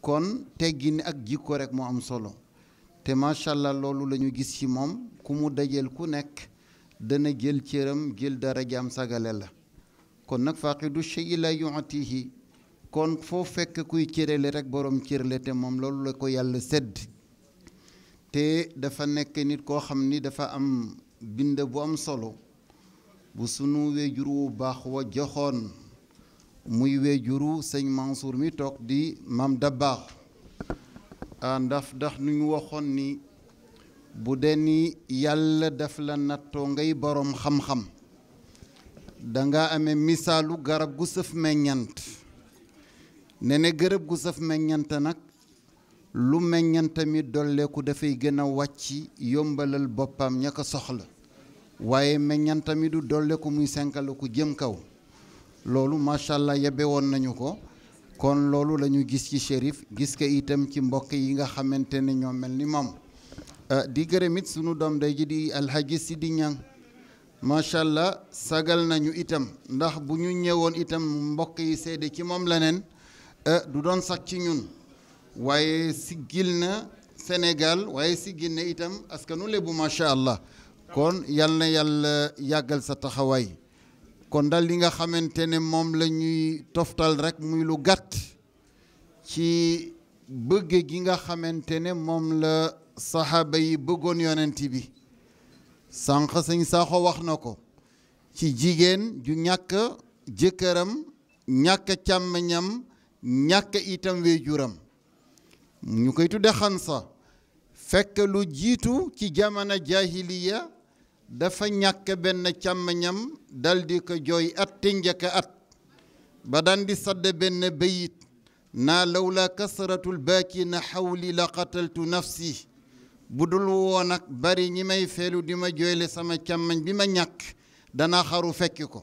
kon teggin ak jikko rek mu am solo te macha allah loolu lañu gis ci moom ku mu dajeel ku nekk dana jël cëram jël dara darajaam sagale la kon nag faqidu shay'i la yu'tihi kon foo fekk kuy cërale rek borom cërale te moom loolu la ko yàlla sedd te dafa nekk nit koo xam ni dafa am bind bu am solo bu sunu wejur wu baax wa joxoon muy wéjuru sëñ Mansour mi toog di Mame Dabakh ah, ndax ndax nu ñu waxoon ni bu dee nii yàlla daf la nattoo ngay boroom xam-xam danga ame misaalu garab gu sëf meññant ne ne garab gu sëf meññant nag lu meññant mi dolleeku dafay gëna a wàcc yombalal boppam ña ko soxla waaye meññant mi du dolleeku muy senkale ku jëm kaw loolu macha allah yebbe woon nañu ko kon loolu lañu gis ci shérif gis ko itam ci mbokk yi nga xamante ne ñoo mel ni moom euh, di gërëmit it sunu doom day ji di alhaji si di ñang macha allah sagal nañu itam ndax bu ñu ñëwoon itam mbokk yi sedd ci moom leneen euh, du doon sax ci ñun waaye siggil na Sénégal waaye siggil na itam askanu lébu macha allah kon yal na yàlla yàggal sa taxawaay kon dal li nga xamante ne moom la ñuy toftal rek muy lu gàtt ci bëgge gi nga xamante ne moom la saxaaba yi bëggoon yonent bi sànq sëñ Sakho wax na ko ci jigéen ju ñàkk jëkkëram ñàkk càmmiñam ñàkk itam wejuram ñu koy tudd xansa fekk lu jiitu ci jamono jaahiliya dafa ñàkk benn càmmiñam daldi ko jooy at tinja ka at ba daan di benn bayit naa lawla kasratul baakina xawli la qataltu nafsi bu dul woon ak bari ñi may feelu di ma jooyle sama càmmiñ bi ma ñàkk dana xaru fekki ko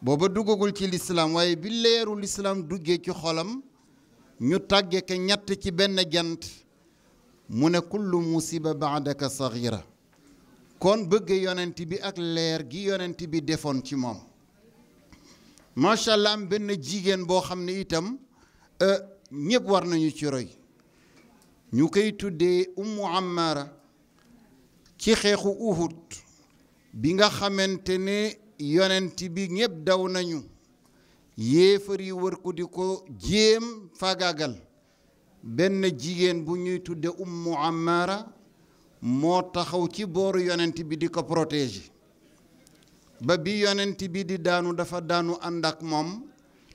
booba duggagul ci lislaam waaye bi leeru lislaam duggee ci xolam ñu tàgge ka ñett ci benn jant mu ne kullu musiba baadaka saxira kon bëgg yonent bi ak leer gi yonent bi defoon ci moom macha allah am benn jigéen boo xam ne itam euh, ñëpp war nañu ci roy ñu koy tuddee ummu ammaara ci xeexu uhud bi nga xamante ne yonent bi ñëpp daw nañu yéefar yi wër ko di ko jéem faagaagal benn jigéen bu ñuy tudde ummu ammaara moo taxaw ci booru yonent bi di ko protéger ba bi yonent bi di daanu dafa daanu ànd ak moom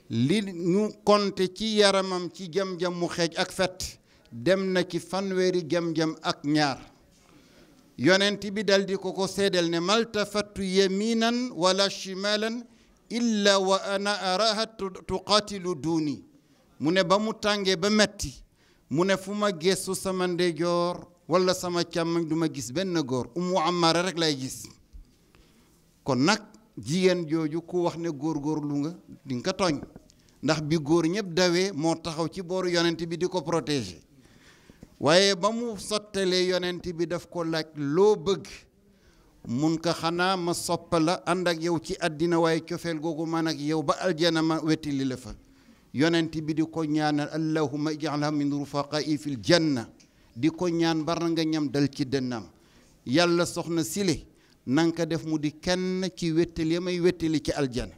li ñu konte ci yaramam ci jam-jam mu xeej ak fet dem na ci fanweeri jam-jam ak ñaar yonent bi daldi ko ko seedeel ne maltafattu yaminan wala shimalan illa wa ana araha tuqatilu duuni mu ne ba mu tàngee ba metti mu ne fu ma geestu sama ndeyjoor wala sama càmmoñ du ma gis benn góor umu amaara rek lay gis kon nag jigéen jooju ku wax ne góor góor lu nga ko tooñ ndax bi góor ñépp dawee moo taxaw ci booru yonent bi di ko protéger waaye ba mu sottalee yonent bi daf ko laaj loo bëgg mun ko xanaa ma soppa la ànd ak yow ci àddina waaye cofeel googu man ak yow ba aljana ma wettili la fa yonent bi di ko ñaanal allahuma ij'alha min rufaqai fil janna di ko ñaan nga ñam dal ci dënnam yàlla soxna sile nanga def mu di kenn ci wéttali ya may wéttali ci aljana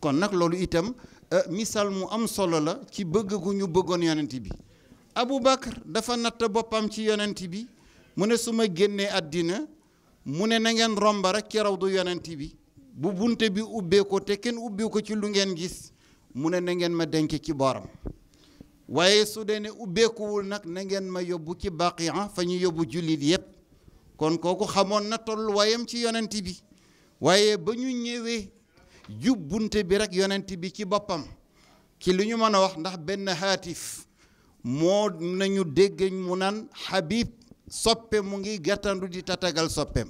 kon nag loolu itam euh, misaal mu am solo la ci bëgg gu ñu bëggoon yonent bi abu Aboubacar dafa natt boppam ci yonent bi mu ne suma génnee àddina mu ne na ngeen romb rek ci raw du yonent bi bu bunte bi ubbee te kenn ubbee ko ci lu ngeen gis mu ne na ngeen ma denc ci booram waaye su dee ne ubbeekuwul nag na ngeen ma yóbbu ci baqia fa ñu yóbbu jullit yépp kon kooku xamoon na tolluwaayam ci yonent bi waaye ba ñu ñëwee jubbunte bi rek yonent bi ci boppam ci li ñu mën a wax ndax benn haatif moo nañu dégg mu naan Habib soppe mu ngi gàttandu di tatagal soppeem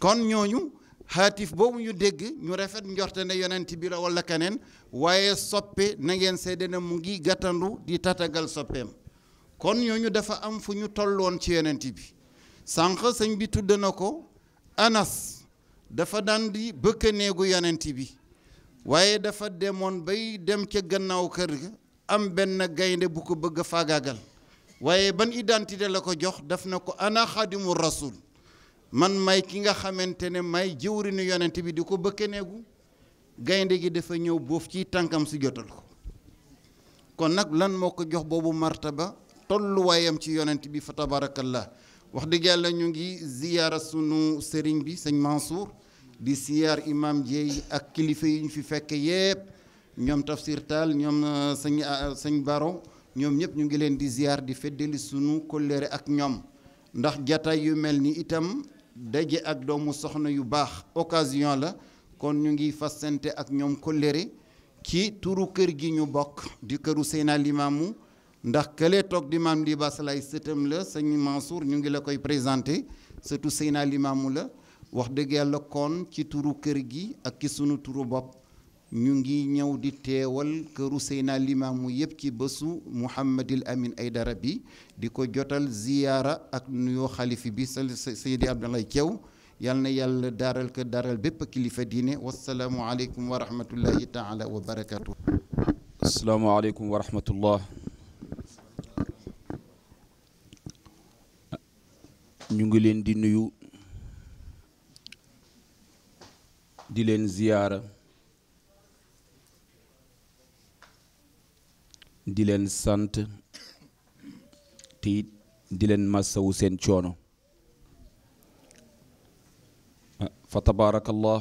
kon ñooñu xaatif boobu ñu dégg ñu rafet njorte ne yonent bi la wala keneen waaye soppe na ngeen seede mu ngi gàttandu di tatagal soppeem kon ñooñu dafa am fu ñu tolloon ci yonent bi sànq sëñ bi tudd na ko anas dafa daan di bëkk néegu yonent bi waaye dafa demoon bay dem ca gannaaw kër ga am benn gaynde bu ko bëgg a faagaagal waaye ban identité la ko jox daf na ko ana xaadimu rasul man may ki nga xamante ne may jëwrinu yonent bi di ko bëkke neegu gaynde gi dafa ñëw boof ci tànkam si jotal ko kon nag lan moo ko jox boobu martaba tolluwaayam ci yonent bi fa la wax dëgg yàlla ñu ngi ziyaara sunu sëriñ bi sëñ Mansour di siyaar imaam Dieye ak kilifa yi ñu fi fekk yépp ñoom Tafsir Tall ñoom euh, sëñ euh, sëñ Baro ñoom ñëpp ñu ngi leen di ziyaar di feddali sunu kóllëre ak ñoom ndax jataay yu mel ni itam daje ak doomu soxna yu baax occasion la kon ñu ngi fasante ak ñoom kóllëre ci turu kër gi ñu bokk di këru Seyna Limaamu ndax kële toog di maam di basalay sëtam la sëñ Mansour ñu ngi la koy présenté surtout Seyna Limaamu la wax dëgg yàlla kon ci turu kër gi ak ci sunu turu bopp ñu ngi ñëw di teewal këru Seyna Limaamu yëpp ci bésu Mouhamadil Amin Aydara bi di ko jotal ziyaara ak nuyoo xalifi bi Seydi Abdoulaye Thiaw yal na yàlla daaral ko daaral bépp kilifa diine wasalaamu aleykum wa rahmatullahi taala wa barakatuh asalaamu aleykum wa rahmatullah ñu ngi leen di nuyu di leen ziyaara di sant te dilen di leen massawu seen fa tabarakallah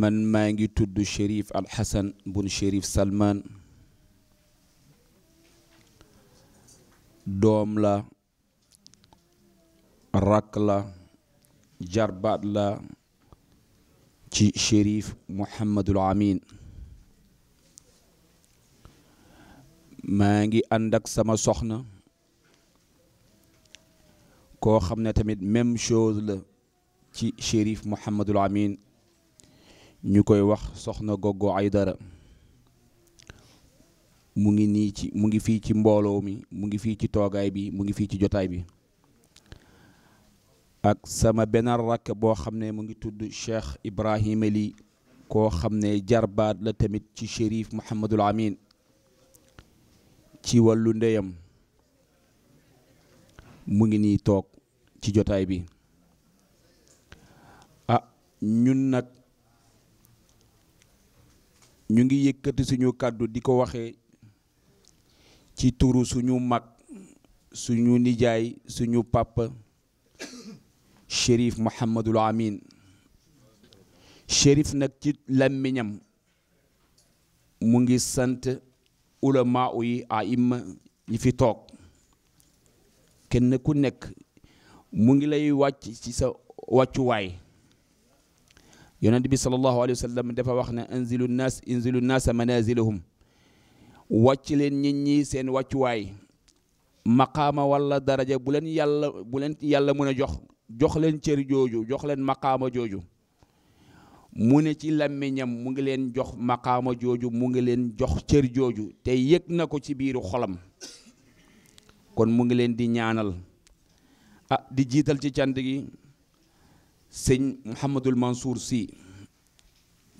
man maa ngi tudd Al hasan bun sherif Salman dom la rak la jarbat la ci Chérif Mouhamadul Amin maa ngi ànd ak sama soxna koo xam ne tamit même chose la ci sherif Mouhamadul Amin ñu koy wax soxna Gogo dara mu ngi nii ci mu ngi fii ci mbooloo mi mu ngi fii ci toogaay bi mu ngi fii ci jotaay bi ak sama benn rakk boo xam ne mu ngi tudd Cheikh Ibrahima Ly koo xam ne jarbaat la tamit ci Chérif Mouhamadul Amin ci wàllu ndeyam mu ngi nii toog ci jotaay bi ah ñun nag ñu ngi yëkkati suñu kàddu di ko waxe ci turu suñu mag suñu nijaay suñu papa Chérif Mouhamadul Amin Chérif nag ci làmmiñam mu ngi sant ulama yi aima ñi fi toog kenn ku nekk mu ngi lay wàcc ci sa wàccuwaay yonent bi sallallahu alayhi wa sallam dafa wax ne inzilu nas inzilu nasa manazilahum wàcc leen nit ñi seen wàccuwaay maqaama walla daraja bu yàlla bu leen yàlla mën a jox jox leen cër jooju jox leen maqaama jooju mu ne ci làmmiñam mu ngi leen jox maqaama jooju mu ngi leen jox cër jooju te yëg na ko ci biiru xolam kon mu ngi leen di ñaanal ah di jiital ci cant gi sëñ Mouhamadul Mansour si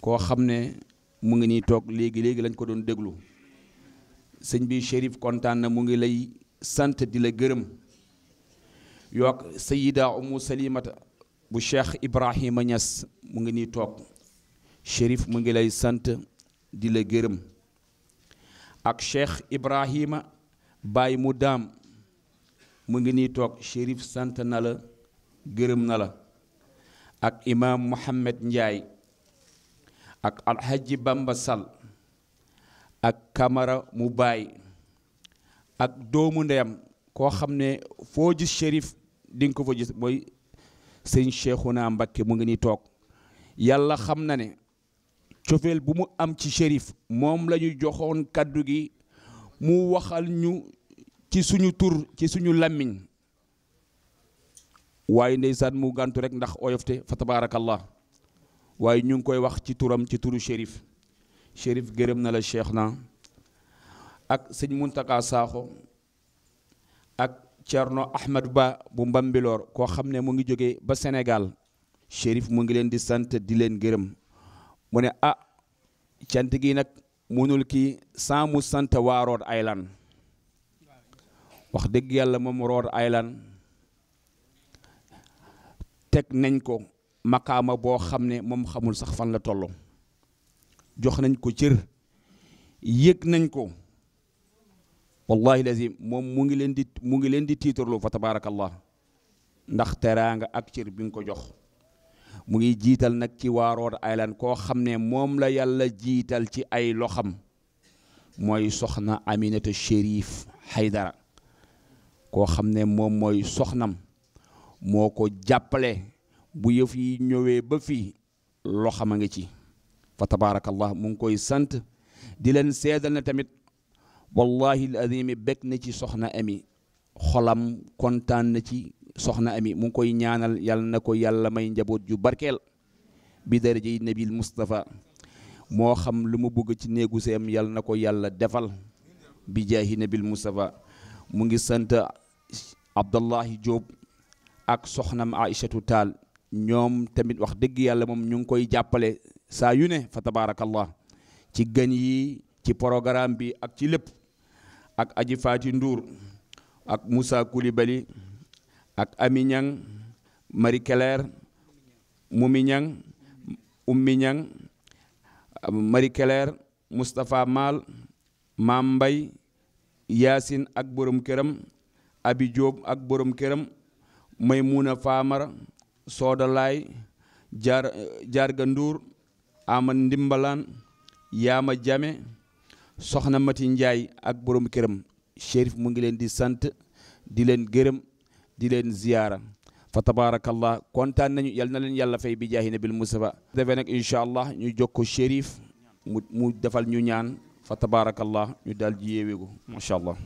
koo xam ne mu ngi nii toog léegi léegi lañ ko doon déglu sëñ bi Chérif kontaan na mu ngi lay sant di la gërëm yokk Sayida Umu Salimata bu Cheikh Ibrahima Niass mu ngi nii toog Chérif mu ngi lay sant di la gërëm ak Cheikh Ibrahima Baye mu daam mu ngi nii toog Chérif sant na la gërëm na la ak imaam Mohamed njaay ak Alhaji Bamba Sall ak Kamara mu baay ak doomu ndeyam koo xam ne foo gis Chérif di nga ko fa gis mooy sëñ Cheikhouna Mbacké mu ngi nii toog yàlla xam na ne cofeel bu mu am ci shérif moom la ñu joxoon kàddu gi mu waxal ñu ci suñu tur ci suñu làmmiñ waaye ndeysaan mu gàntu rek ndax oyofte fa tabaarakallah waaye ñu ngi koy wax ci turam ci turu shérif shérif gërëm na la cheikh na ak sëñ Muntaka Saaxo ak Cerno Ahmed Ba bu Mbambilor koo xam ne mu ngi jóge ba Sénégal shérif mu ngi leen di sant di leen gërëm mu ne ah cant nag munul kii sans mu sant waa Rhode Island wax dëgg yàlla moom Rhode Island teg nañ ko makaama boo xam ne moom xamul sax fan la toll jox nañ ko cër yég nañ ko wallahi lazim moom mu ngi leen di mu ngi leen di tiitarlu fa tabaarakallah ndax teraanga ak cër bi nga ko jox mu ngi jiital nag ci waa Rhode Island koo xam ne moom la yàlla jiital ci ay loxam mooy soxna Aminata Chérif Haydara koo xam ne moom mooy soxnam moo ko jàppale bu yëf yi ñëwee ba fii loxam a ngi ci fa tabaarakallah mu ngi koy sant di leen seedal na tamit wallahi al azimi bekk na ci soxna ami xolam kontaan na ci soxna ami mu ngi koy ñaanal yàlla na ko yàlla may njaboot yu barkeel bi darajay nabil mustafa moo xam lu mu bëgg ci néegu seem yàlla na yàlla defal bi jaahi nabil mustafa mu ngi sant Abdallahi Diop ak soxnam Aïchatu Taal ñoom tamit wax dëgg yàlla moom ñu ngi koy jàppale saa yu ne fa tabaarakallah ci gan yi ci programme bi ak ci lépp ak aji faati Ndour ak Moussa Koulibaly ak Aminyang Marie Keller Muminyang uminyang Marie Keller Mustafa Mal Mambay Yasin ak borom Abi Job ak borom këram Maymuna Famara Soda Lay Jar jar gandour aman Ndimbalan yama Jame Soxna Mati ak borom këram cherif mu ngi len di sante di len gërëm di len ziyara fa tabarakallah kontan nañu yal na yàlla fay bi jaahi nabil Mustafa defé nak incha allah ñu jokko shérif mu defal ñu ñaan fa tabarakallah ñu daal di yéewéegu macha allah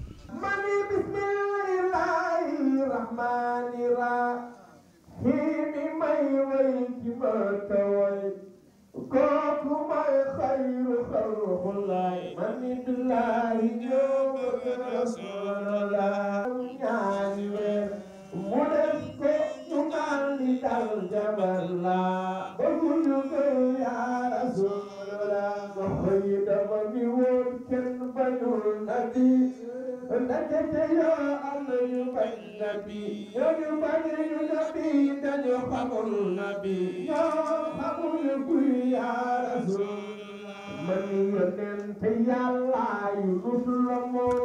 kooku may xayru xalqullah mani billahi ñoo bëgg rasulullah ñaari weer mu def ko mu daal di dal jabal la ba ñu ko yaa rasulallah xëy dama mi woon kenn bañul nabi ndekete yoo am na ñu bañ nabi ñoo ñu bañ ñu nabi dañu xamul nabi ñoo xamul kuy yaa rasulallah man yonente yàlla yu rusul la moom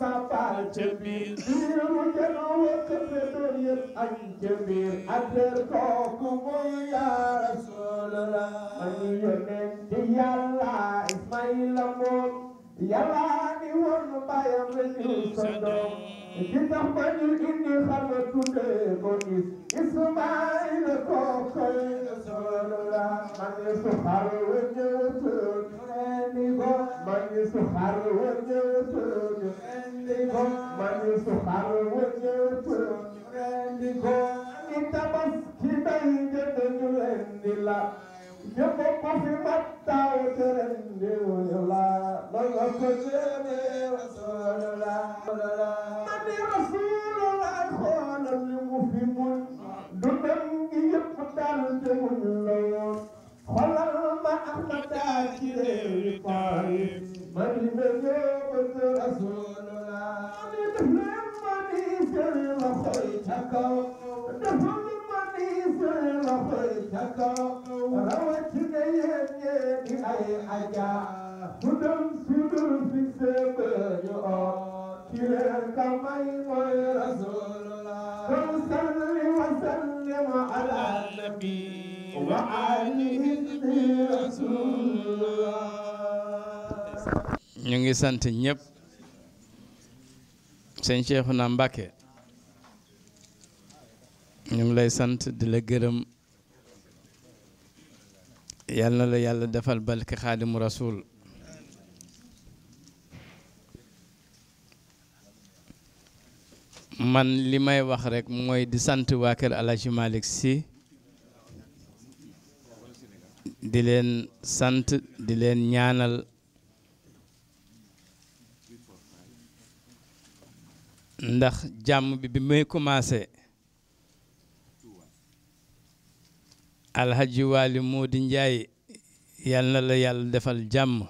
سفر جميل ديرو جنو قبل أن جميل أدركوكم يا رسول الله أن يا الله إسماعيل موت يا لاني وربا يا بني صدق جدا بني إني خلقت لبني إسماعيل كوكي رسول الله من سفر وجوت راني من يسخر وجهته عندكم من يسخر وجهته عندكم لتمسك بيت الجلند لا يبقى في متى وترند ويلا لغة جميع رسول الله من رسول الله ngi sant ñëpp sëñ Cheikhouna Mbacké ñu ngi lay sant di la gërëm yal na la yàlla defal barke xaadimu rasul man li may wax rekk mooy di sant waa kër Alaaji Malick Sy di leen sant di leen ñaanal ndax jàmm bi bi may commencé alhaji moo di Njaay yal na la yàlla defal jàmm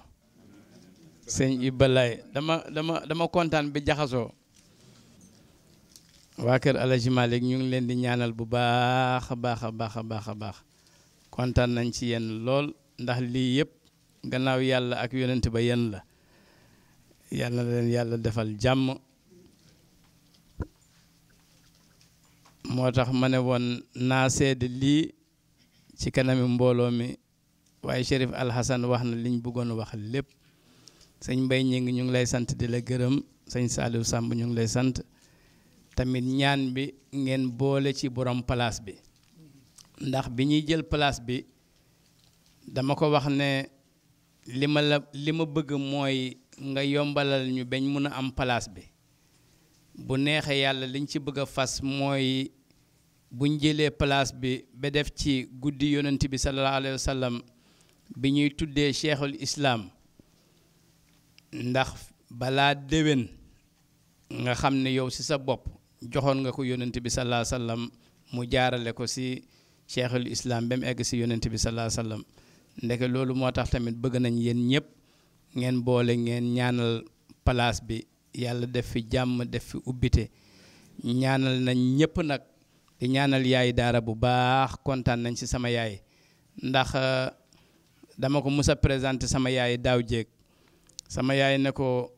sëñ Ibalaay dama dama kontaan bi jaxasoo waa kër alhaji Malick ñu ngi leen di ñaanal bu baax a baax a baax a baax a baax kontaan nañ ci yéen lool ndax lii yëpp gannaaw yàlla ak yonent ba yéen la yàlla defal jàmm moo tax ma ne woon naa sedd lii ci kanami mbooloo mi waaye Chérif Al wax na liñ bëggoon wax lépp sëñ mbay ñi ngi ñu ngi lay sant di la gërëm sëñ Saliou sàmb ñu ngi lay sant tamit ñaan bi ngeen boole ci borom palaas bi ndax bi ñuy jël palaas bi dama ko wax ne li ma la li ma bëgg mooy nga yombalal ñu bañ mun a am palaas bi bu neexee yàlla liñ ci bëgg fas mooy buñ jëlee place bi ba def ci guddi yonent bi sallallahu alayhi sallam bi ñuy tuddee cheikhul islaam ndax balaa déwén nga xam ne yow ci sa bopp joxoon nga ko yonent bi sallallahu alayhi sallam mu jaarale ko si cheikhul islaam ba mu egg si yonent bi sallallahu alayhi wa sallam ndeke loolu moo tax tamit bëgg nañ yéen ñëpp ngeen boole ngeen ñaanal palaas bi yàlla def fi jàmm def fi ubbite ñaanal nañ ñëpp nag di ñaanal yaay daara bu baax kontaan nañ ci sama yaay ndax euh, dama ko mus a présenté sama yaay daaw jéeg sama yaay ne ko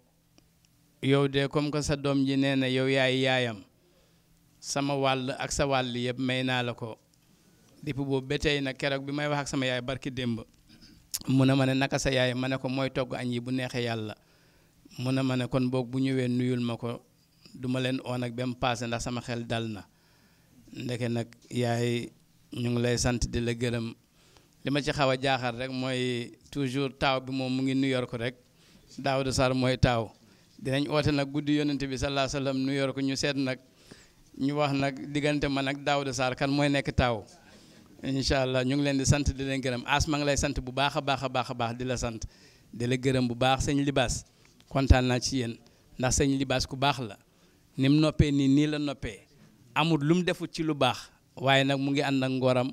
yow de comme que sa doom ji nee na yow yaay yaayam sama wàll ak sa wàll yëpp may naa la ko depuis boobu ba tey nag keroog bi may wax ak sama yaay barki démb mun ne ma ne naka sa yaay ma ne ko mooy togg añ yi bu neexee yàlla mu a ma ne kon boog bu ñëwee nuyul ma ko duma leen oon ak ba mu paase ndax sama xel dal na ndeke nag yaay ñu ngi lay sant di la gërëm li ma ci xaw a jaaxal rek mooy toujours taaw bi moom mu ngi New York rek Daouda Sarr mooy taaw dinañ oote nag guddi yonent bi sallallahu alayhi wa sallam New York ñu seet nag ñu wax nag diggante ma nag Daouda Sarr kan mooy nekk taaw incha allah ñu ngi leen di sant di leen gërëm as ma lay sant bu baax a baax a baax a baax di la sant di la gërëm bu baax sëñ libaas kontaan naa ci yéen ndax sëñ libaas ku baax la ni mu noppee nii nii la noppee amul lu mu defut ci lu baax waaye nag mu ngi ànd ak ngoram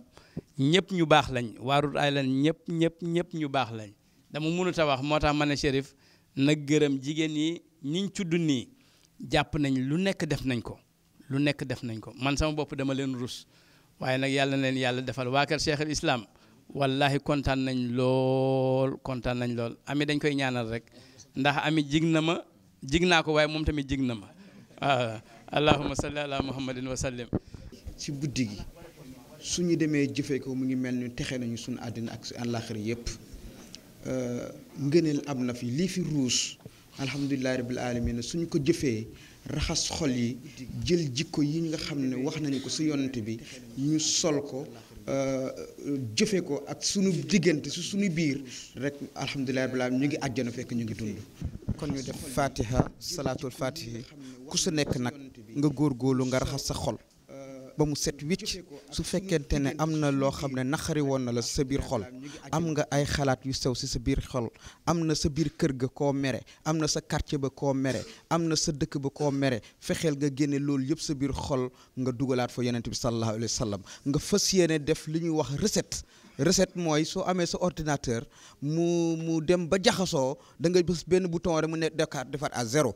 ñëpp ñu baax lañ waa Rhode Island ñëpp ñëpp ñëpp ñu baax lañ dama mënut a wax moo tax ma ne Chérif nag gërëm jigéen yi ñiñ tudd nii jàpp nañ lu nekk def nañ ko lu nekk def nañ ko man sama bopp dama leen rus waaye nag yàlla na leen yàlla defal waa kër Cheikh al Islam wallahi kontaan nañ lool kontaan nañ lool ami dañ koy ñaanal rek ndax ami jig na ma jig naa ko waaye moom tamit jig na ma اللهم صل على محمد وسلم ci guddi gi suñu démé jëfé ko mu ngi melni texe nañu suñu adina ak àllaaxira yëpp euh ngeenel amna fi li fi ruus alhamdulilahi rabbil alamin suñu ko jëfé raxas xol yi jël jikko yi nga xamné wax nañu ko su yonent bi ñu sol ko jëfe ko ak suñu digënté su suñu biir rek alhamdulilahi rabbil alamin ñu ngi aljana fekk ñu ngi dund kon ñu def fatiha salatul fatihi ku su nekk nak nga góor góorlu nga raxas sa xol ba mu set wicc su fekkente ne am na loo xam ne naqari woon na la sa biir xol am nga ay xalaat yu sew si sa biir xol am na sa biir kër ga koo mere am na sa quartier ba koo mere am na sa dëkk ba koo mere fexeel nga génne loolu yëpp sa biir xol nga dugalaat fa yonent bi sallallahu alayhi wa nga fas yéene def li ñuy wax recette recette mooy soo amee sa ordinateur mu mu dem ba jaxasoo da nga bés benn bouton rek mu ne defaat à zéro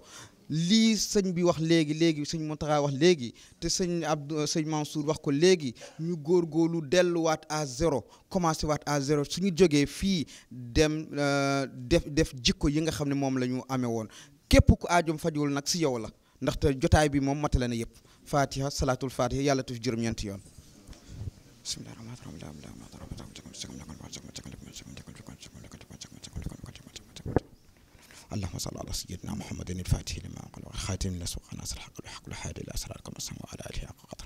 lii sëñ bi wax léegi léegi sëñ Mountakha wax léegi te sëñ Abdou sëñ Mansour wax ko léegi ñu góor góorgóorlu delluwaat à zéro commencé waat à zéro suñu jógee fii dem euh, def def jikko yi nga xam ne moom la ñu amee woon képp ku aajom fajul nag si yow la ndaxte jotaay bi moom matale na yëpp fatiha salaatul fatiha yàlla tuf juróom-ñeenti yoon اللهم صل على سيدنا محمد الفاتح لما قال وخاتم الناس وقناص الحق الحق الحاد إلى أسرارك والسماء وعلى آله حق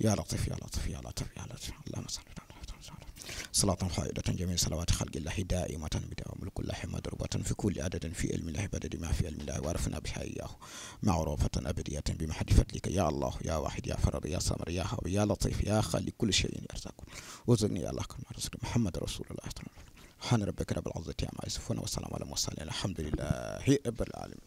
يا لطيف يا لطيف يا لطيف يا لطيف اللهم صل على صلاة فائدة جميع صلوات خلق الله دائمة بدوام الكل حمد مضروبة في كل عدد في علم الله بدد ما في علم الله وعرفنا بها إياه معروفة أبدية بمحد فضلك يا الله يا واحد يا فرد يا صمر يا هو يا لطيف يا خالق كل شيء يرزقك وزدني الله كما رزق محمد رسول الله سبحان ربك رب العزة عما يصفون وسلام على المرسلين الحمد لله رب العالمين